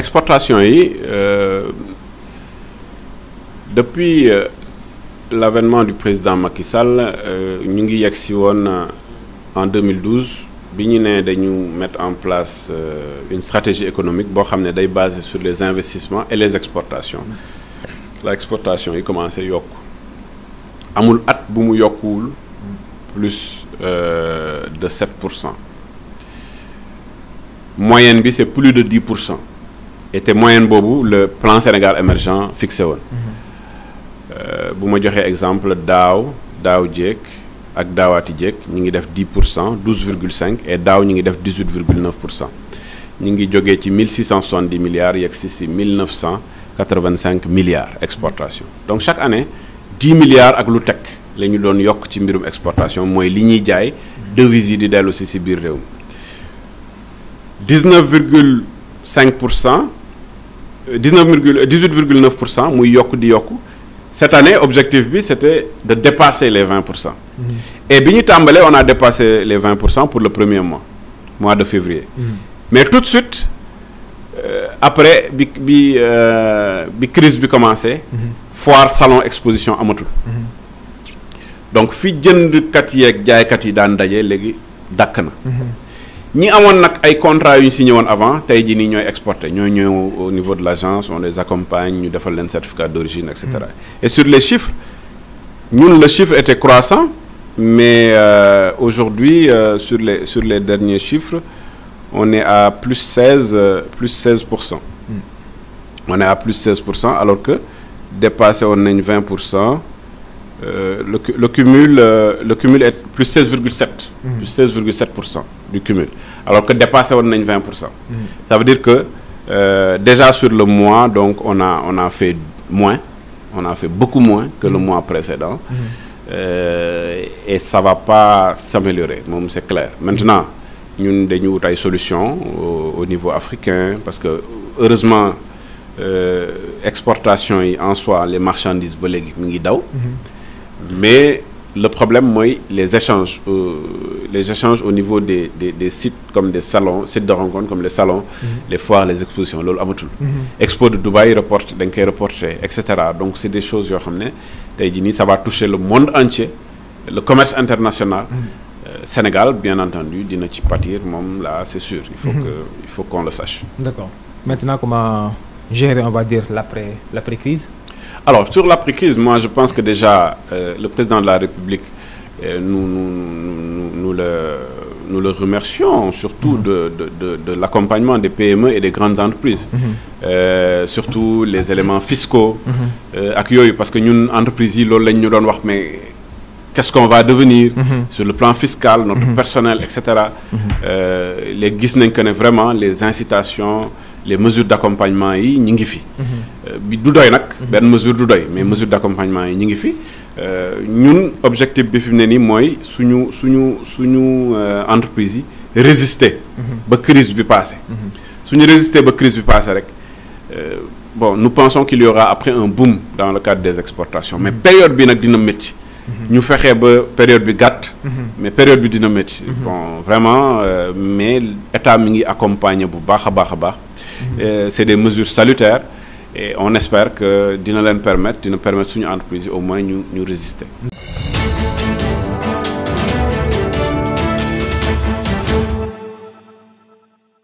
exportation yi euh, depuis euh, l'avènement du président Macky Sall euh, ñu en 2012 biñu mettre en place une stratégie économique bo xamné basée sur les investissements et les exportations la exportation commencé à amul plus de 7 moyenne bi c'est plus de 10 et moyenne le plan Sénégal émergent fixé woon euh, ma joxee exemple dao daaw jéeg ak daawaati jéeg ñu ngi def 10 12,5%, et DAO, nous ngi def 18,9%. virgule fait 1670 milliards et si 1985 milliards exportation donc chaque année 10 milliards ak lu nous avons fait doon ci mbirum exportation mooy li ñuy jaay devises yi 19,5%, 18,9% di cette année objectif bi de dépasser les 20 mm-hmm. et bi on a dépassé les 20 pour le premier mois mois de février. Mm-hmm. mais tout de suite euh, après bi bi euh, bi crise bi commencé. Mm-hmm. foire salon exposition à Mm donc fi y a eu yi daan d'exposition à dàkk ni avons nak ay contrat yu signé avant tey jii exporté au niveau de l'agence on les accompagne ñu defal un certificat d'origine etc. Mm. et sur les chiffres Nous, le chiffre était croissant mais euh, aujourd'hui euh, sur les sur les derniers chiffres on est à plus 16 euh, plus 16 mm. on est à plus 16 alors que dépassé on nañ 20 le cumul le cumul est plus 16,7 mm. plus 16,7 du cumul alors que dépasser on a 20 ça veut dire que euh, déjà sur le mois donc on a on a fait moins on a fait beaucoup moins que le mois précédent. Euh, et ça va pas s'améliorer c'est clair maintenant une des une solutions au, niveau africain parce que heureusement. Euh, exportation en soi les marchandises ba léegi mm-hmm. mais le problème, moi, les échanges, euh, les échanges au niveau des, des, sites comme des salons, sites de rencontres comme les salons, mhm. les foires, les expositions, l'eau mhm. Expo de Dubaï, reporte, d'un reporté, etc. Donc, c'est des choses, ça va toucher le monde entier, le commerce international. Mhm. Euh, Sénégal, bien entendu, d'une partir, là, c'est sûr, il faut, que, il faut qu'on le sache. D'accord. Maintenant, comment gérer, on va dire, l'après-crise alors, sur l'après-crise, moi, je pense que déjà, euh, le président de la République, euh, nous, le, remercions, surtout mhm. de, l'accompagnement des PME et des grandes entreprises. Mhm. Euh, surtout les éléments fiscaux, mhm. parce que nous, entreprises, nous noir mais qu'est-ce qu'on va devenir sur le plan fiscal, notre personnel, etc. Les -hmm. euh, les vraiment, les incitations, les mesures d'accompagnement yi ñi ngi fi. Mhm. Euh, du doy nag. Mhm. mesure du doy mais mhm. mesure d'accompagnement yi ñi ngi fi euh, ñun objectif bi fi mu moy suñu suñu suñu euh, entreprise yi résister. ba crise bi passé. suñu résister ba crise bi passé rek bon nous pensons qu'il y aura après un boom dans le cadre des exportations mais période bi nak dina métti. ñu fexe ba période bi gàtt. mais période bi dina bon vraiment mais état mi ngi accompagner bu euh, c'est des mesures salutaires et on espère que dina permette permettre nous permettre suñu entreprise au moins nous nous résister